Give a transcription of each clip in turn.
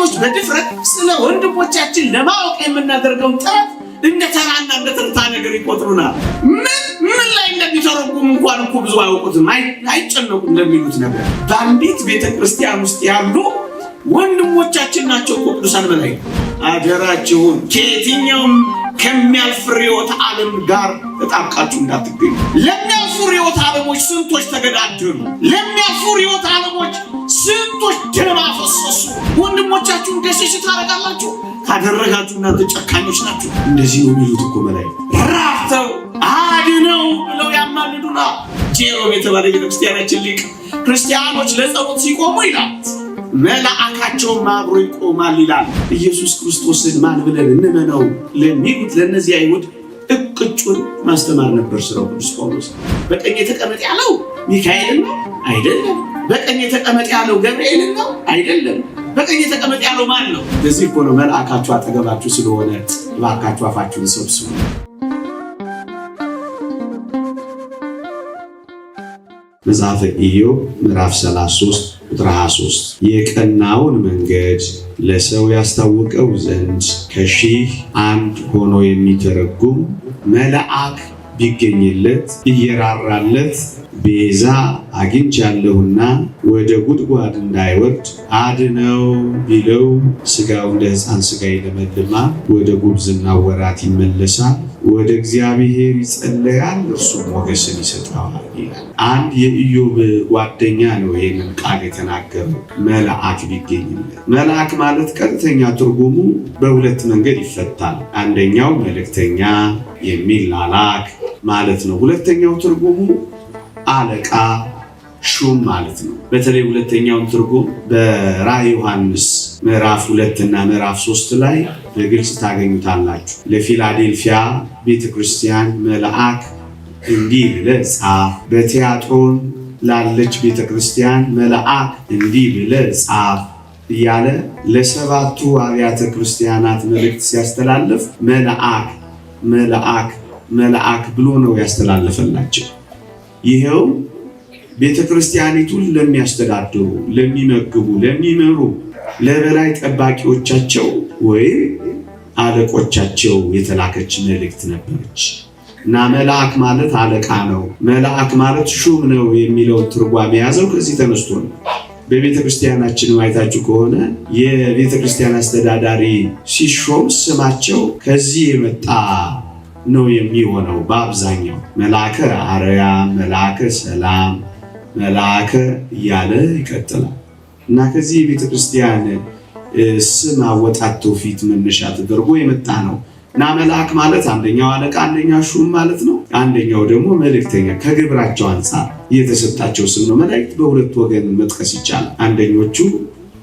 ክርስቲያኖች በድፍረት ስለ ወንድሞቻችን ለማወቅ የምናደርገውን ጥረት እንደ ተራና እንደ ነገር ይቆጥሩናል። ምን ምን ላይ እንደሚተረጉም እንኳን እኮ ብዙ አያውቁትም፣ አይጨነቁም እንደሚሉት ነበር። በአንዲት ቤተ ክርስቲያን ውስጥ ያሉ ወንድሞቻችን ናቸው እኮ ቅዱሳን በላይ አደራችሁን ከየትኛውም ከሚያልፍ ርዕዮተ ዓለም ጋር ተጣብቃችሁ እንዳትገኙ። ለሚያልፉ ርዕዮተ ዓለሞች ስንቶች ተገዳደሉ። ለሚያልፉ ርዕዮተ ዓለሞች ስንቶች ደም አፈሰሱ። ወንድሞቻችሁን ገሸሽ ታደርጋላችሁ። ካደረጋችሁ እናንተ ጨካኞች ናችሁ። እንደዚህ ነው የሚሉት እኮ በላይ ራፍተው አድነው ብለው ያማልዱና ጄሮም የተባለ ቤተክርስቲያናችን ሊቅ ክርስቲያኖች ለጸሎት ሲቆሙ ይላል መልአካቸው አብሮ ይቆማል ይላል። ኢየሱስ ክርስቶስን ማን ብለን እንመነው ለሚሉት ለእነዚህ አይሁድ እቅጩን ማስተማር ነበር ስራው። ቅዱስ ጳውሎስ በቀኝ የተቀመጥ ያለው ሚካኤልን ነው አይደለም። በቀኝ የተቀመጥ ያለው ገብርኤልን ነው አይደለም። በቀኝ የተቀመጥ ያለው ማን ነው? ለዚህ እኮ ነው መልአካችሁ አጠገባችሁ ስለሆነ እባካችሁ አፋችሁን ሰብስቡ። መጽሐፈ ኢዮብ ምዕራፍ 33 ቁጥር 23 የቀናውን መንገድ ለሰው ያስታወቀው ዘንድ ከሺህ አንድ ሆኖ የሚተረጉም መልአክ ቢገኝለት እየራራለት ቤዛ አግኝቻለሁና ወደ ጉድጓድ እንዳይወርድ አድነው ቢለው ስጋው እንደ ሕፃን ሥጋ ይለመልማል፣ ወደ ጉብዝና ወራት ይመለሳል። ወደ እግዚአብሔር ይጸለያል፣ እርሱም ሞገስን ይሰጠዋል ይላል። አንድ የኢዮብ ጓደኛ ነው ይህንን ቃል የተናገረው መልአክ ቢገኝለት። መልአክ ማለት ቀጥተኛ ትርጉሙ በሁለት መንገድ ይፈታል። አንደኛው መልእክተኛ የሚል ላላክ ማለት ነው። ሁለተኛው ትርጉሙ አለቃ ሹም ማለት ነው። በተለይ ሁለተኛውን ትርጉም በራህ ዮሐንስ ምዕራፍ ሁለት እና ምዕራፍ ሶስት ላይ በግልጽ ታገኙታላችሁ። ለፊላዴልፊያ ቤተክርስቲያን መልአክ እንዲህ ብለህ ጻፍ፣ በቲያጥሮን ላለች ቤተክርስቲያን መልአክ እንዲህ ብለህ ጻፍ እያለ ለሰባቱ አብያተ ክርስቲያናት መልእክት ሲያስተላልፍ መልአክ መልአክ መልአክ ብሎ ነው ያስተላለፈላቸው ይኸው ቤተ ክርስቲያኒቱን ለሚያስተዳድሩ፣ ለሚመግቡ፣ ለሚመሩ፣ ለበላይ ጠባቂዎቻቸው ወይም አለቆቻቸው የተላከች መልእክት ነበረች እና መልአክ ማለት አለቃ ነው፣ መልአክ ማለት ሹም ነው የሚለውን ትርጓሜ የያዘው ከዚህ ተነስቶ ነው። በቤተ ክርስቲያናችን ማየታችሁ ከሆነ የቤተ ክርስቲያን አስተዳዳሪ ሲሾም ስማቸው ከዚህ የመጣ ነው የሚሆነው። በአብዛኛው መልአከ አርያም፣ መልአከ ሰላም መላከ እያለ ይቀጥላል እና ከዚህ የቤተ ክርስቲያን ስም አወጣቶ ፊት መነሻ ተደርጎ የመጣ ነው እና መልአክ ማለት አንደኛው አለቃ፣ አንደኛው ሹም ማለት ነው። አንደኛው ደግሞ መልእክተኛ ከግብራቸው አንጻር የተሰጣቸው ስም ነው። መላእክት በሁለት ወገን መጥቀስ ይቻላል። አንደኞቹ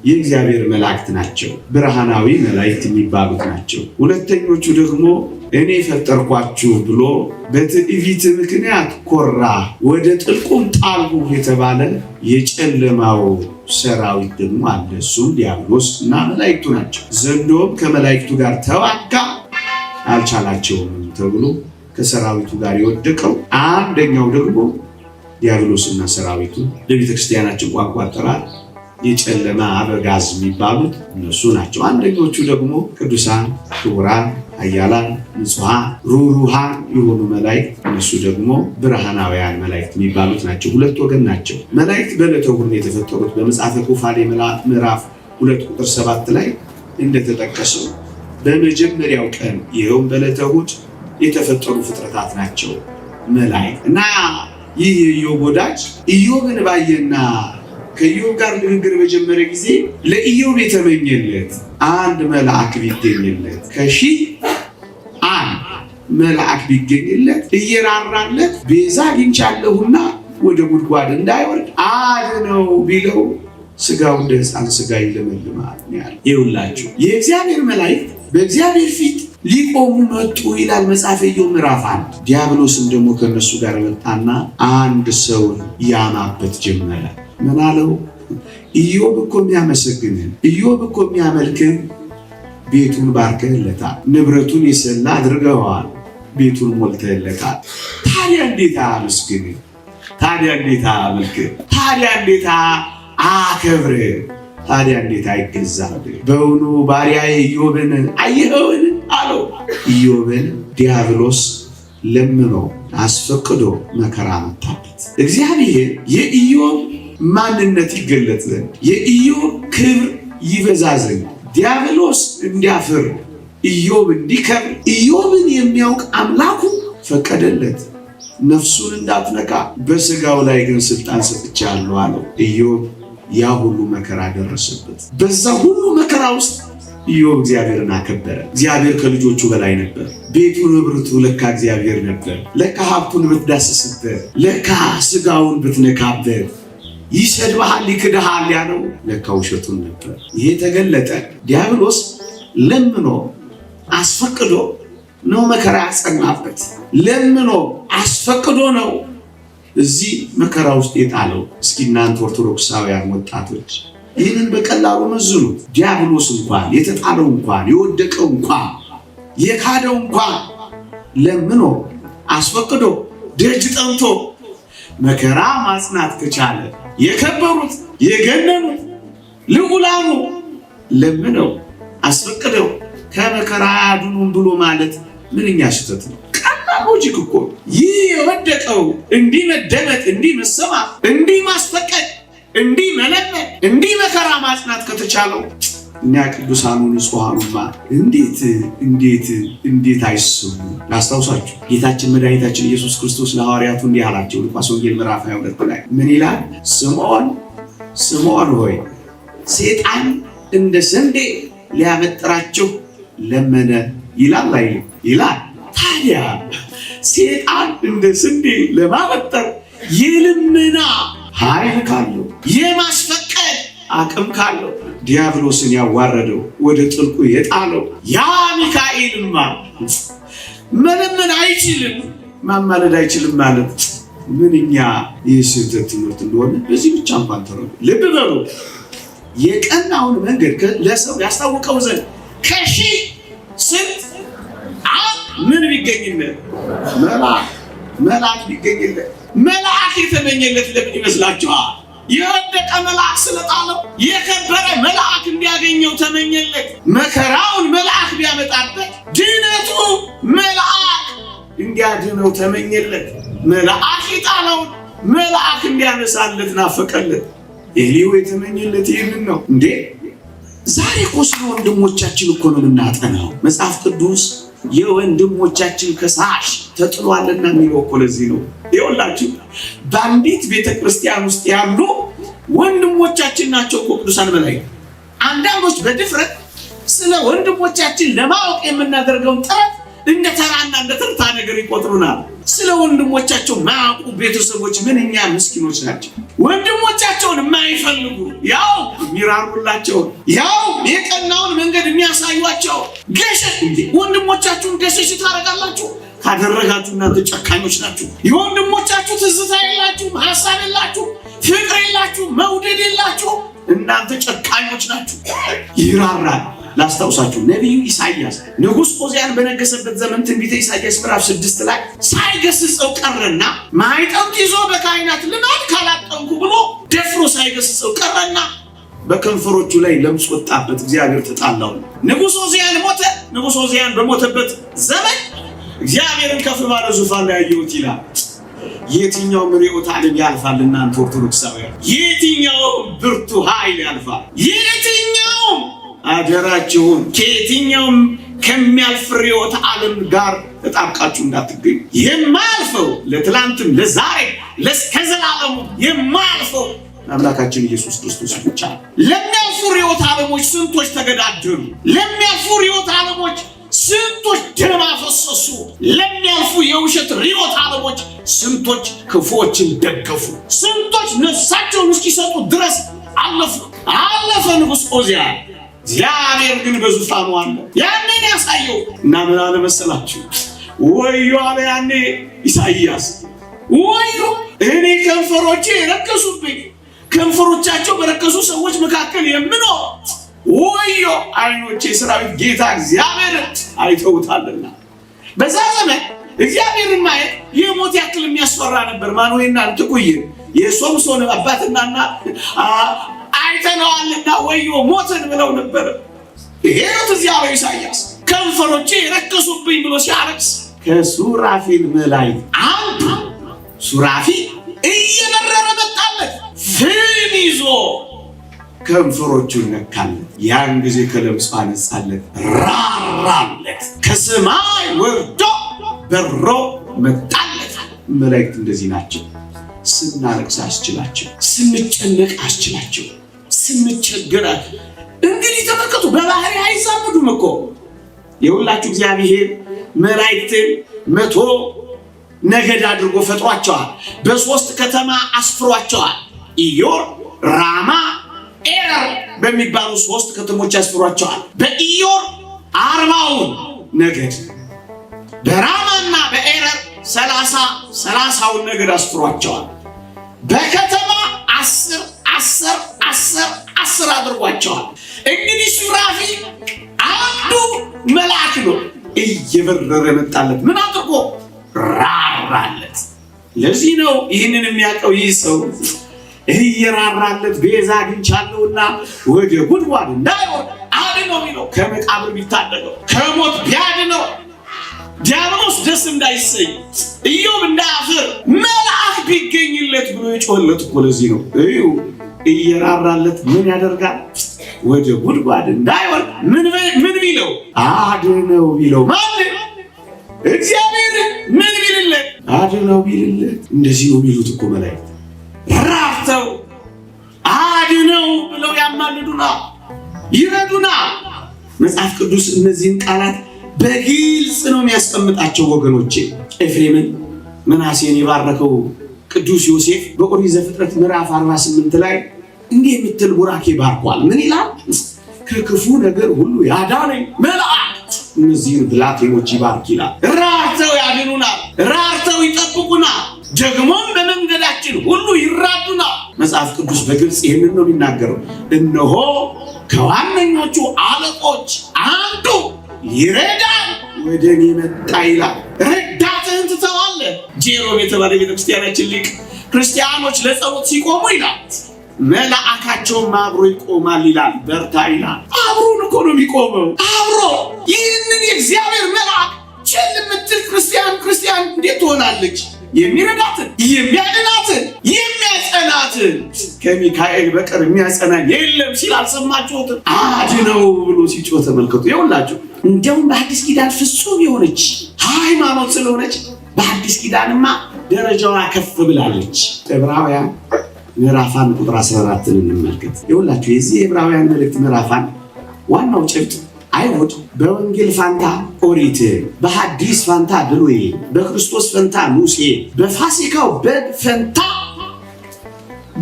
የእግዚአብሔር መላእክት ናቸው፣ ብርሃናዊ መላእክት የሚባሉት ናቸው። ሁለተኞቹ ደግሞ እኔ የፈጠርኳችሁ ብሎ በትዕቢት ምክንያት ኮራ፣ ወደ ጥልቁም ጣልሁ የተባለ የጨለማው ሰራዊት ደግሞ አለ። እሱም ዲያብሎስ እና መላእክቱ ናቸው። ዘንዶም ከመላእክቱ ጋር ተዋጋ፣ አልቻላቸውም ተብሎ ከሰራዊቱ ጋር የወደቀው አንደኛው ደግሞ እና ሰራዊቱ ለቤተ ክርስቲያናችን ቋንቋ አጠራር የጨለማ አበጋዝ የሚባሉት እነሱ ናቸው። አንደኞቹ ደግሞ ቅዱሳን ክቡራን ኃያላን ንጹሐን ሩሩሃን የሆኑ መላእክት እነሱ ደግሞ ብርሃናውያን መላእክት የሚባሉት ናቸው። ሁለት ወገን ናቸው። መላእክት በዕለተ እሑድ የተፈጠሩት በመጽሐፈ ኩፋሌ ምዕራፍ ሁለት ቁጥር ሰባት ላይ እንደተጠቀሰው በመጀመሪያው ቀን ይኸውም በዕለተ እሑድ የተፈጠሩ ፍጥረታት ናቸው መላእክት እና ይህ የኢዮብ ወዳጅ ኢዮብን ባየና ከኢዮብ ጋር ንግግር በጀመረ ጊዜ ለኢዮብ የተመኘለት አንድ መልአክ ቢገኝለት ከሺህ መልአክ ቢገኝለት እየራራለት ቤዛ አግኝቻለሁና ወደ ጉድጓድ እንዳይወርድ አድነው ቢለው ስጋው እንደ ሕፃን ስጋ ይለመልማል ያለ ይውላችሁ። የእግዚአብሔር መላእክት በእግዚአብሔር ፊት ሊቆሙ መጡ ይላል መጽሐፈ ኢዮብ ምዕራፍ አንድ። ዲያብሎስም ደግሞ ከእነሱ ጋር መጣና አንድ ሰውን ያማበት ጀመረ። ምን አለው? ኢዮብ እኮ የሚያመሰግንህን ኢዮብ እኮ የሚያመልክህ ቤቱን ባርከህለታል፣ ንብረቱን የሰላ አድርገዋል ቤቱን ሞልተህለታል። ታዲያ እንዴታ አመስግን፣ ታዲያ እንዴታ አመልክ፣ ታዲያ እንዴታ አከብር፣ ታዲያ እንዴታ ይገዛል በውኑ ባሪያዬ ኢዮብን አየኸውን አለው። ኢዮብን ዲያብሎስ ለምኖ አስፈቅዶ መከራ መታበት። እግዚአብሔር የኢዮብ ማንነት ይገለጥ ዘንድ የኢዮብ ክብር ይበዛ ዘንድ ዲያብሎስ እንዲያፍር ኢዮብ እንዲከብር ኢዮብን የሚያውቅ አምላኩ ፈቀደለት። ነፍሱን እንዳትነካ በስጋው ላይ ግን ስልጣን ሰጥቻለሁ አለው። ኢዮብ ያ ሁሉ መከራ ደረሰበት። በዛ ሁሉ መከራ ውስጥ ኢዮብ እግዚአብሔርን አከበረ። እግዚአብሔር ከልጆቹ በላይ ነበር። ቤቱ ንብረቱ ለካ እግዚአብሔር ነበር። ለካ ሀብቱን ብትዳስስበት፣ ለካ ስጋውን ብትነካበት ይሰድብሃል፣ ይክድሃል ያለው ለካ ውሸቱን ነበር። ይሄ ተገለጠ። ዲያብሎስ ለምኖ አስፈቅዶ ነው መከራ ያጸናበት። ለምኖ አስፈቅዶ ነው እዚህ መከራ ውስጥ የጣለው። እስኪ እናንተ ኦርቶዶክሳውያን ወጣቶች ይህንን በቀላሉ መዝኑ። ዲያብሎስ እንኳን የተጣለው እንኳን የወደቀው እንኳን የካደው እንኳን ለምኖ አስፈቅዶ ደጅ ጠምቶ መከራ ማጽናት ከቻለ የከበሩት የገነኑት ልዑላኑ ለምነው አስፈቅደው ከመከራ አድኑን ብሎ ማለት ምንኛ ስህተት ነው። ቀላል ሎጂክ እኮ ይህ የወደቀው እንዲህ መደመጥ፣ እንዲህ መሰማት፣ እንዲህ ማስፈቀድ፣ እንዲህ መለመድ፣ እንዲህ መከራ ማጽናት ከተቻለው እኛ ቅዱሳኑ ንጹሐኑማ እንዴት እንዴት እንዴት አይስሙ። ላስታውሳችሁ ጌታችን መድኃኒታችን ኢየሱስ ክርስቶስ ለሐዋርያቱ እንዲህ አላቸው። ሉቃስ ወንጌል ምዕራፍ 22 ላይ ምን ይላል? ስምዖን ስምዖን ሆይ ሴጣን እንደ ስንዴ ሊያበጥራችሁ ለመነ ይላል አይል ይላል። ታዲያ ሴጣን እንደ ስንዴ ለማበጠር የልመና ኃይል ካለው የማስፈቀድ አቅም ካለው ዲያብሎስን ያዋረደው ወደ ጥልቁ የጣለው ያ ሚካኤልማ መለመን አይችልም፣ ማማለድ አይችልም ማለት ምንኛ ይህ ስህተት ትምህርት እንደሆነ በዚህ ብቻ እንኳን ተረዱ። ልብ በሉ የቀናውን መንገድ ለሰው ያስታውቀው ዘንድ ከሺ ስንት ምን ቢገኝለት መልአክ መልአክ ቢገኝለት መልአክ የተመኘለት ለምን ይመስላችኋል? የወደቀ መልአክ ስለጣለው የከበረ መልአክ እንዲያገኘው ተመኘለት። መከራውን መልአክ ቢያመጣበት ድነቱ መልአክ እንዲያድነው ተመኘለት። መልአክ የጣለውን መልአክ እንዲያነሳለት ናፈቀለት። ኤሊሁ የተመኘለት ይህንን ነው እንዴ ዛሬ እኮ ወንድሞቻችን እኮ ነው የምናጠናው። መጽሐፍ ቅዱስ የወንድሞቻችን ከሳሽ ተጥሏልና የሚለው እኮ ለዚህ ነው። ይኸውላችሁ በአንዲት ቤተ ክርስቲያን ውስጥ ያሉ ወንድሞቻችን ናቸው እኮ ቅዱሳን በላይ። አንዳንዶች በድፍረት ስለ ወንድሞቻችን ለማወቅ የምናደርገውን ጥረት ነገር ይቆጥሩናል። ስለ ወንድሞቻቸው ማያውቁ ቤተሰቦች ምንኛ ምስኪኖች ናቸው። ወንድሞቻቸውን የማይፈልጉ ያው የሚራሩላቸው ያው የቀናውን መንገድ የሚያሳዩቸው ገሸ ወንድሞቻችሁን ገሸሽ ታደርጋላችሁ። ካደረጋችሁ እናንተ ጨካኞች ናችሁ። የወንድሞቻችሁ ትዝታ የላችሁ፣ ሀሳብ የላችሁ፣ ፍቅር የላችሁ፣ መውደድ የላችሁ። እናንተ ጨካኞች ናችሁ። ይራራል ላስታውሳችሁ። ነቢዩ ኢሳያስ ንጉሥ ኦዚያን በነገሰበት ዘመን ትንቢተ ኢሳያስ ምዕራፍ ስድስት ላይ ሳይገስጸው ቀረና ማይጠንት ይዞ በካህናት ልማድ ካላጠንኩ ብሎ ደፍሮ ሳይገስጸው ቀረና በከንፈሮቹ ላይ ለምጽ ወጣበት፣ እግዚአብሔር ተጣላው። ንጉሥ ኦዚያን ሞተ። ንጉሥ ኦዚያን በሞተበት ዘመን እግዚአብሔርን ከፍ ባለ ዙፋን ላይ ያየሁት ይላል። የትኛው ምሪዮት ዓለም ያልፋል? እናንተ ኦርቶዶክሳውያን፣ የትኛው ብርቱ ኃይል ያልፋል? አደራችሁን ከየትኛውም ከሚያልፍ ርዕዮተ ዓለም ጋር ተጣብቃችሁ እንዳትገኙ። የማያልፈው ለትላንትም፣ ለዛሬ፣ ለእስከ ዘላለሙ የማያልፈው አምላካችን ኢየሱስ ክርስቶስ ብቻ። ለሚያልፉ ርዕዮተ ዓለሞች ስንቶች ተገዳደሉ። ለሚያልፉ ርዕዮተ ዓለሞች ስንቶች ደም አፈሰሱ። ለሚያልፉ የውሸት ርዕዮተ ዓለሞች ስንቶች ክፉዎችን ደገፉ። ስንቶች ነፍሳቸውን እስኪሰጡ ድረስ አለፉ። አለፈ ንጉሥ ኦዚያ እግዚአብሔር ግን በዙፋኑ አለ። ያንን ያሳየው እና ምን አለ መሰላችሁ? ወዮ አለ ያኔ ኢሳይያስ ወዮ እኔ ከንፈሮቼ የረከሱብኝ፣ ከንፈሮቻቸው በረከሱ ሰዎች መካከል የምኖር ወዮ፣ አይኖቼ የሰራዊት ጌታ እግዚአብሔር አይተውታልና። በዛ ዘመን እግዚአብሔርን ማየት የሞት ያክል የሚያስፈራ ነበር። ማንዌና ትቁይ የሶምሶን አባትናና አይተነዋልና ወዮ ሞትን ብለው ነበር ይሄ ነው ትዚያ ነው ኢሳያስ ከንፈሮቼ የረከሱብኝ ብሎ ሲያረቅስ ከሱራፊል መላእክት አንዱ ሱራፊ እየመረረ መጣለት፣ ፍም ይዞ ከንፈሮቹን ነካለት። ያን ጊዜ ከለምጹ አነጻለት፣ ራራለት፣ ከሰማይ ወርዶ በሮ መጣለት። መላእክት እንደዚህ ናቸው። ስናለቅስ አስችላቸው፣ ስንጨነቅ አስችላቸው፣ ስንቸገር እንግዲህ ተመልከቱ፣ በባህሪ አይዛመዱም እኮ የሁላችሁ እግዚአብሔር መላእክትን መቶ ነገድ አድርጎ ፈጥሯቸዋል። በሶስት ከተማ አስፍሯቸዋል። ኢዮር፣ ራማ፣ ኤረር በሚባሉ ሶስት ከተሞች አስፍሯቸዋል። በኢዮር አርባውን ነገድ በራማና በኤረር ሰላሳ ሰላሳውን ነገድ አስፍሯቸዋል። በከተማ አስር አስር አስር አስር አድርጓቸዋል። እንግዲህ ሱራፊ አንዱ መልአክ ነው። እየበረረ የመጣለት ምን አድርጎ ራራለት። ለዚህ ነው ይህንን የሚያውቀው ይህ ሰው እየራራለት ቤዛ አግኝቻለሁና ወደ ጉድጓድ እንዳይወርድ አድነው የሚለው ከመቃብር ቢታደገው ከሞት ቢያድነው ዲያብሎስ ደስ እንዳይሰኝ ኢዮብ እንዳያፍር መልአክ ቢገኝለት ብሎ የጮለት እኮ ለዚህ ነው። እዩ እየራራለት ምን ያደርጋል? ወደ ጉድጓድ እንዳይወርድ ምን ቢለው አድነው ቢለው ማለት እግዚአብሔር ምን ቢልለት አድነው ቢልለት። እንደዚህ ነው የሚሉት እኮ መላእክት ራፍተው አድነው ብለው ያማልዱና ይረዱና መጽሐፍ ቅዱስ እነዚህን ቃላት በግልጽ ነው የሚያስቀምጣቸው። ወገኖቼ ኤፍሬምን ምናሴን የባረከው ቅዱስ ዮሴፍ በኦሪት ዘፍጥረት ምዕራፍ 48 ላይ እንዲህ የምትል ቡራኬ ባርኳል። ምን ይላል? ከክፉ ነገር ሁሉ ያዳነኝ መልአክ እነዚህን ብላቴኖች ይባርክ ይላል። ራርተው ያድኑናል፣ ራርተው ይጠብቁናል፣ ደግሞም በመንገዳችን ሁሉ ይራዱናል። መጽሐፍ ቅዱስ በግልጽ ይህንን ነው የሚናገረው። እነሆ ከዋነኞቹ አለቆች አንዱ ይረዳል ወደ እኔ መጣ ይላል። ረዳትህን ትተዋለህ። ጄሮም የተባለ ቤተክርስቲያናችን ሊቅ ክርስቲያኖች ለጸሎት ሲቆሙ ይላል መልአካቸውም አብሮ ይቆማል ይላል። በርታ ይላል። አብሮን እኮ ነው የሚቆመው። አብሮ ይህንን የእግዚአብሔር መልአክ ቸል የምትል ክርስቲያን ክርስቲያን እንዴት ትሆናለች? የሚረዳትን የሚያድናትን የሚያጸናትን ከሚካኤል በቀር የሚያጸናን የለም ሲል አልሰማችሁትም? አድነው ብሎ ሲጮህ ተመልከቱ። ይኸውላችሁ እንዲያውም በአዲስ ኪዳን ፍጹም የሆነች ሃይማኖት ስለሆነች በአዲስ ኪዳንማ ደረጃዋ ከፍ ብላለች። ዕብራውያን ምዕራፍ አንድ ቁጥር 14 እንመልከት። ይኸውላችሁ የዚህ የዕብራውያን መልእክት ምዕራፍ አንድ ዋናው ጭብጥ አይሁድ በወንጌል ፋንታ ኦሪት፣ በሐዲስ ፋንታ ብሉይ፣ በክርስቶስ ፈንታ ሙሴ፣ በፋሲካው በግ ፈንታ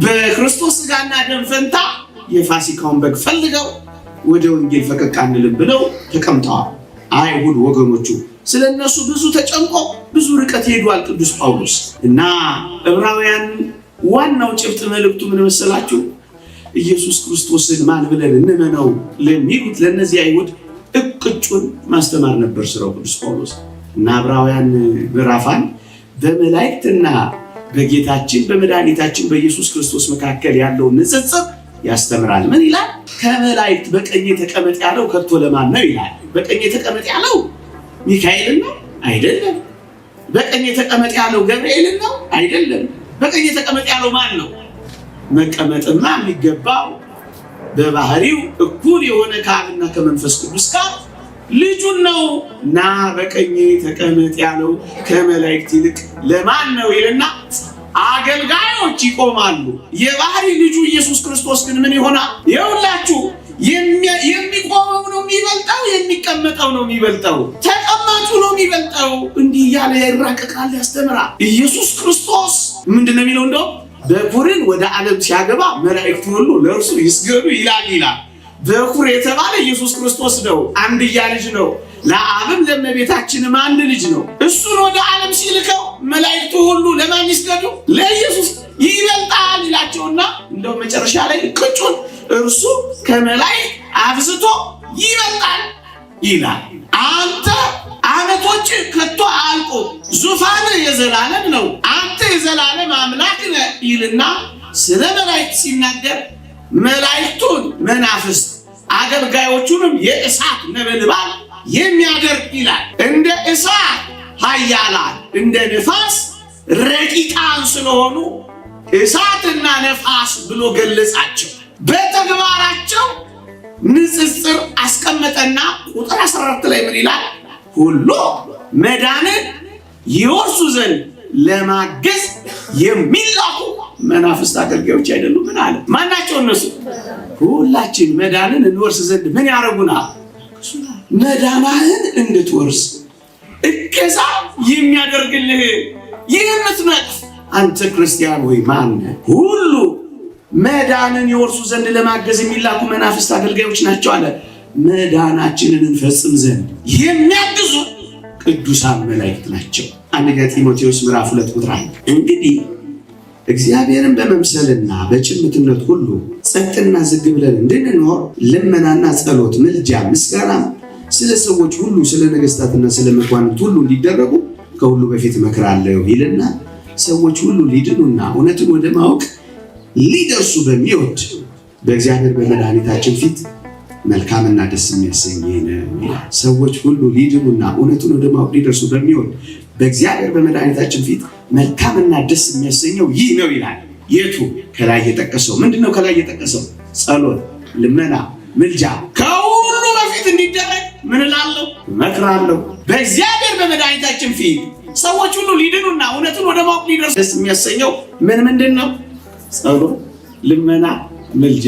በክርስቶስ ስጋና ደም ፈንታ የፋሲካውን በግ ፈልገው ወደ ወንጌል ፈቀቅ አንልም ብለው ተቀምጠዋል። አይሁድ ወገኖቹ ስለ እነሱ ብዙ ተጨንቆ ብዙ ርቀት ሄዷል ቅዱስ ጳውሎስ እና ዕብራውያን ዋናው ጭብጥ መልእክቱ ምን መሰላችሁ? ኢየሱስ ክርስቶስን ማን ብለን እንመነው ለሚሉት ለእነዚህ አይሁድ እቅጩን ማስተማር ነበር ስራው ቅዱስ ጳውሎስ እና ዕብራውያን ምዕራፋን በመላእክትና በጌታችን በመድኃኒታችን በኢየሱስ ክርስቶስ መካከል ያለውን ንጽጽር ያስተምራል። ምን ይላል? ከመላእክት በቀኝ ተቀመጥ ያለው ከቶ ለማን ነው ይላል። በቀኝ ተቀመጥ ያለው ሚካኤልን ነው አይደለም። በቀኝ ተቀመጥ ያለው ገብርኤልን ነው አይደለም። በቀኝ ተቀመጥ ያለው ማን ነው? መቀመጥማ የሚገባው በባህሪው እኩል የሆነ ከአብና ከመንፈስ ቅዱስ ጋር ልጁን ነው። ና በቀኝ ተቀመጥ ያለው ከመላእክት ይልቅ ለማን ነው ይልና አገልጋዮች ይቆማሉ። የባህሪ ልጁ ኢየሱስ ክርስቶስ ግን ምን ይሆናል? የሁላችሁ የሚቆመው ነው የሚበልጠው፣ የሚቀመጠው ነው የሚበልጠው፣ ተቀማጩ ነው የሚበልጠው። እንዲህ እያለ ያራቀቃል፣ ያስተምራል። ኢየሱስ ክርስቶስ ምንድን ነው የሚለው እንደው በኩርን ወደ ዓለም ሲያገባ መላእክት ሁሉ ለእርሱ ይስገዱ ይላል ይላል። በኩር የተባለ ኢየሱስ ክርስቶስ ነው። አንድያ ልጅ ነው። ለአብም ለእመቤታችንም አንድ ልጅ ነው። እሱን ወደ ዓለም ሲልከው መላእክቱ ሁሉ ለማን ይስገዱ? ለኢየሱስ ይበልጣል ይላቸውና እንደው መጨረሻ ላይ ቅጩን እርሱ ከመላእክት አብዝቶ ይበልጣል ይላል። ጸሎቶች ከቶ አልቆ ዙፋን የዘላለም ነው፣ አንተ የዘላለም አምላክ ነህ ይልና ስለ መላእክት ሲናገር መላእክቱን መናፍስት አገልጋዮቹንም የእሳት ነበልባል የሚያደርግ ይላል። እንደ እሳት ኃያላን እንደ ነፋስ ረቂቃን ስለሆኑ እሳትና ነፋስ ብሎ ገለጻቸው። በተግባራቸው ንጽጽር አስቀመጠና ቁጥር 14 ላይ ምን ይላል? ሁሉ መዳንን ይወርሱ ዘንድ ለማገዝ የሚላኩ መናፍስት አገልጋዮች አይደሉም። ምን አለ ማናቸው? እነሱ ሁላችን መዳንን እንወርስ ዘንድ ምን ያደረጉና? መዳናህን እንድትወርስ እገዛ የሚያደርግልህ ይህምትመጥ አንተ ክርስቲያን ወይ ማነ? ሁሉ መዳንን ይወርሱ ዘንድ ለማገዝ የሚላኩ መናፍስት አገልጋዮች ናቸው አለ። መዳናችንን እንፈጽም ዘንድ የሚያግዙ ቅዱሳን መላእክት ናቸው። አንደኛ ጢሞቴዎስ ምዕራፍ ሁለት ቁጥር እንግዲህ እግዚአብሔርን በመምሰልና በጭምትነት ሁሉ ጸጥና ዝግ ብለን እንድንኖር ልመናና ጸሎት፣ ምልጃ፣ ምስጋና ስለ ሰዎች ሁሉ ስለ ነገስታትና ስለ መኳንንት ሁሉ እንዲደረጉ ከሁሉ በፊት እመክራለሁ ይልና ሰዎች ሁሉ ሊድኑና እውነትን ወደ ማወቅ ሊደርሱ በሚወድ በእግዚአብሔር በመድኃኒታችን ፊት መልካምና ደስ የሚያሰኝ ሰዎች ሁሉ ሊድኑና እውነቱን ወደ ማወቅ ሊደርሱ በሚሆን በእግዚአብሔር በመድኃኒታችን ፊት መልካምና ደስ የሚያሰኘው ይህ ነው ይላል። የቱ ከላይ የጠቀሰው ምንድን ነው? ከላይ የጠቀሰው ጸሎት፣ ልመና፣ ምልጃ ከሁሉ በፊት እንዲደረግ ምን እላለሁ እመክራለሁ። በእግዚአብሔር በመድኃኒታችን ፊት ሰዎች ሁሉ ሊድኑና እውነቱን ወደ ማወቅ ሊደርሱ ደስ የሚያሰኘው ምን ምንድን ነው? ጸሎት፣ ልመና፣ ምልጃ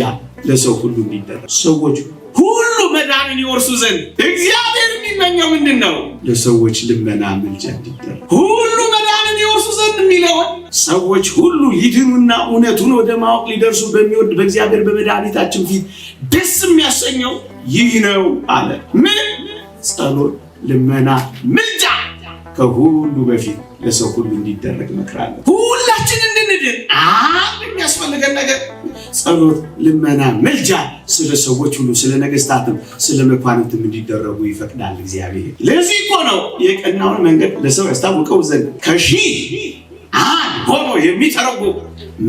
ለሰው ሁሉ እንዲደረግ ሰዎች ሁሉ መዳንን ይወርሱ ዘንድ እግዚአብሔር የሚመኘው ምንድን ነው? ለሰዎች ልመና ምልጃ እንዲደረግ ሁሉ መዳንን ይወርሱ ዘንድ የሚለውን ሰዎች ሁሉ ይድኑና እውነቱን ወደ ማወቅ ሊደርሱ በሚወድ በእግዚአብሔር በመድኃኒታችን ፊት ደስ የሚያሰኘው ይህ ነው አለ። ምን? ጸሎት፣ ልመና፣ ምልጃ ከሁሉ በፊት ለሰው ሁሉ እንዲደረግ መክራለሁ። ሁላችንን እንድንድን አንድ የሚያስፈልገን ነገር ጸሎት፣ ልመና፣ ምልጃ ስለ ሰዎች ሁሉ ስለ ነገስታትም ስለ መኳንንትም እንዲደረጉ ይፈቅዳል እግዚአብሔር። ለዚህ እኮ ነው የቀናውን መንገድ ለሰው ያስታውቀው ዘንድ ከሺህ አንድ ሆኖ የሚተረጉ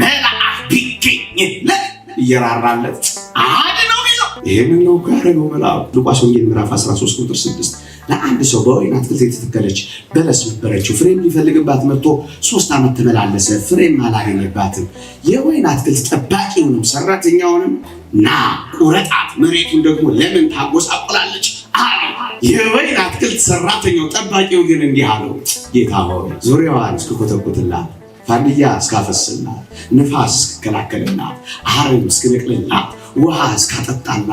መልአክ ቢገኝለት እየራራለት ይህንን ነው ጋር ነው መልአኩ ሉቃስ ወንጌል ምዕራፍ 13 ቁጥር 6 ለአንድ ሰው በወይን አትክልት የተተከለች በለስ ነበረችው። ፍሬም ሊፈልግባት መጥቶ ሶስት ዓመት ተመላለሰ፣ ፍሬም አላገኘባትም። የወይን አትክልት ጠባቂውንም ሰራተኛውንም ና ቁረጣት፣ መሬቱን ደግሞ ለምን ታጎሳቁላለች አለ። የወይን አትክልት ሰራተኛው ጠባቂው ግን እንዲህ አለው፣ ጌታ ሆይ ዙሪያዋን እስክኮተኩትላት ፋንድያ እስካፈስላት፣ ንፋስ እስክከላከልላት፣ አረም እስክነቅልላት ውሃ እስካጠጣላ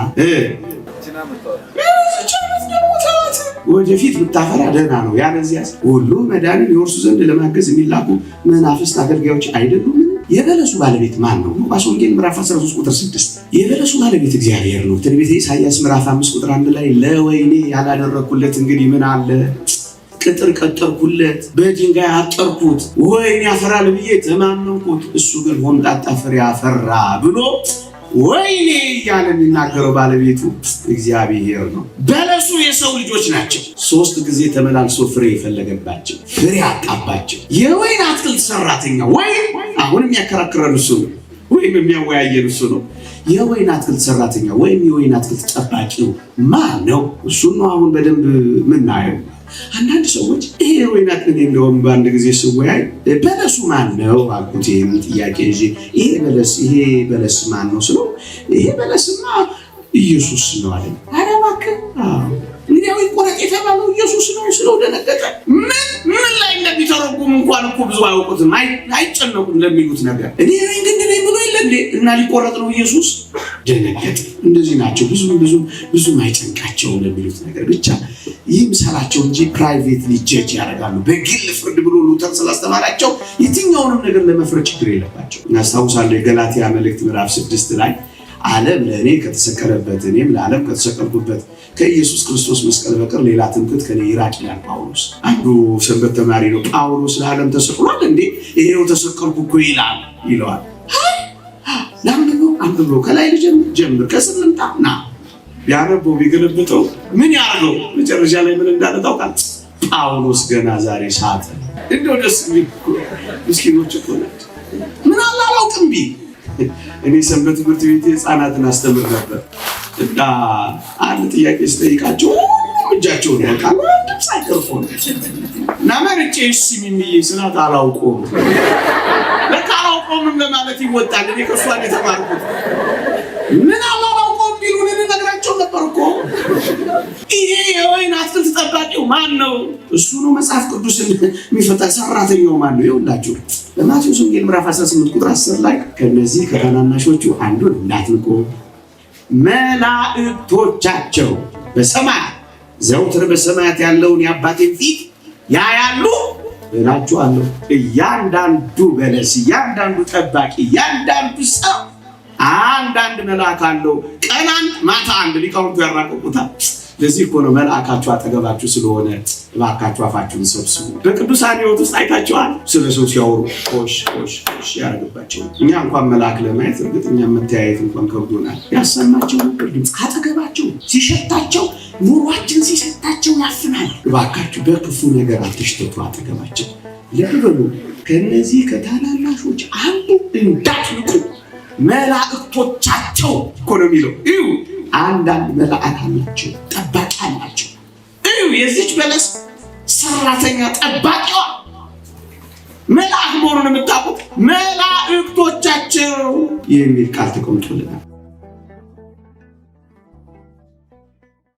ወደፊት ብታፈራ ደህና ነው። ያለዚያስ ሁሉ መዳንን የወርሱ ዘንድ ለማገዝ የሚላኩ መናፍስት አገልጋዮች አይደሉም። የበለሱ ባለቤት ማን ነው? ሉቃስ ወንጌል ምዕራፍ 13 ቁጥር 6 የበለሱ ባለቤት እግዚአብሔር ነው። ትንቢተ ኢሳይያስ ምዕራፍ 5 ቁጥር 1 ላይ ለወይኔ ያላደረግኩለት እንግዲህ ምን አለ? ቅጥር ቀጠርኩለት፣ በድንጋይ አጠርኩት፣ ወይን ያፈራል ብዬ ተማመንኩት፣ እሱ ግን ሆምጣጣ ፍሬ አፈራ ብሎ ወይኔ እያለ የሚናገረው ባለቤቱ እግዚአብሔር ነው። በለሱ የሰው ልጆች ናቸው። ሶስት ጊዜ ተመላልሶ ፍሬ የፈለገባቸው ፍሬ አጣባቸው። የወይን አትክልት ሰራተኛ ወይም አሁን የሚያከራክረን እሱ ነው፣ ወይም የሚያወያየን እሱ ነው። የወይን አትክልት ሰራተኛ ወይም የወይን አትክልት ጠባቂው ማን ነው? እሱን ነው አሁን በደንብ ምናየው። አንዳንድ ሰዎች ይሄ ወይን አጥን እንደውም በአንድ ጊዜ ስወያይ በለሱ ማን ነው አልኩት። ይህም ጥያቄ እ ይሄ በለስ ይሄ በለስ ማን ነው ስለው ይሄ በለስማ ኢየሱስ ነው አለ። ኧረ እባክህ እንግዲያው ቆረጥ የተባለው ኢየሱስ ነው ስለው ደነገጠ። ምን ምን ላይ እንደሚተረጉም እንኳን እኮ ብዙ አያውቁትም፣ አይጨነቁም ለሚሉት ነገር እኔ ግን ብሎ የለ እና ሊቆረጥ ነው ኢየሱስ ደነገጥ እንደዚህ ናቸው። ብዙ ብዙ ብዙ ማይጨንቃቸው ለሚሉት ነገር ብቻ ይህም ሰራቸው እንጂ ፕራይቬት ጀጅ ያደርጋሉ። በግል ፍርድ ብሎ ሉተር ስላስተማራቸው የትኛውንም ነገር ለመፍረድ ችግር የለባቸው። እናስታውሳለሁ የገላትያ መልእክት ምዕራፍ ስድስት ላይ ዓለም ለእኔ ከተሰቀለበት እኔም ለዓለም ከተሰቀልኩበት ከኢየሱስ ክርስቶስ መስቀል በቀር ሌላ ትምክህት ከኔ ይራቅ ይላል ጳውሎስ። አንዱ ሰንበት ተማሪ ነው ጳውሎስ። ለዓለም ተሰቅሏል እንዴ? ይሄው ተሰቀልኩ እኮ ይላል ይለዋል አንድ ብሎ ከላይ ልጀምር ጀምር ከስምንታ ና ቢያነበው ቢገለብጠው ምን ያርገው መጨረሻ ላይ ምን እንዳለ ታውቃለህ። ጳውሎስ ገና ዛሬ ሰዓት እንደው ደስ ምስኪኖች እኮ ናቸው። ምን አላላውቅም ቢል እኔ ሰንበት ትምህርት ቤት ህፃናትን አስተምር ነበር እና አንድ ጥያቄ ስጠይቃቸው እጃቸውን ያውቃል ሳይቀርፎ እና መርጬ እሺ የሚዬ ስላት አላውቆም ለካ አላውቆምም ለማለት ይወጣል። እኔ ከእሷን የተማርኩት ምን አላውቆም ቢሉን እነግራቸው ነበር እኮ ይሄ የወይን አትክልት ጠባቂው ማን ነው? እሱ ነው መጽሐፍ ቅዱስን የሚፈታ ሰራተኛው ማን ነው? ይኸውላችሁ በማቴዎስ ወንጌል ምዕራፍ 18 ቁጥር 10 ላይ ከነዚህ ከታናናሾቹ አንዱን እንዳትንቁ መላእክቶቻቸው በሰማያት ዘውትር በሰማያት ያለውን የአባቴን ፊት ያያሉ እላችኋለሁ። እያንዳንዱ በለስ፣ እያንዳንዱ ጠባቂ፣ እያንዳንዱ ሰው አንዳንድ መልአክ አለው። ቀን አንድ ማታ አንድ። ሊቃውንቱ ያራቀቁታል። ለዚህ እኮ ነው መልአካችሁ አጠገባችሁ ስለሆነ እባካችሁ አፋችሁን ሰብስቡ። በቅዱሳን ሕይወት ውስጥ አይታችኋል። ስለ ሰው ሲያወሩ ሽ ሽ ያደረግባቸው እኛ እንኳን መልአክ ለማየት እርግጥ እኛ መተያየት እንኳን ከብዶናል። ያሰማቸው ነበር ድምፅ አጠገባቸው ሲሸታቸው ኑሯችን ሲሰጣቸው ያፍናል። እባካችሁ በክፉ ነገር አትሽተቱ፣ አጠገባቸው ልብ በሉ። ከእነዚህ ከታላላሾች አንዱ እንዳትንቁ መላእክቶቻቸው እኮ ነው የሚለው። እዩ አንዳንድ መላእክት አላቸው፣ ጠባቂ አላቸው። እዩ የዚች በለስ ሰራተኛ ጠባቂዋ መልአክ መሆኑን የምታውቁት መላእክቶቻቸው የሚል ቃል ተቀምጦልናል።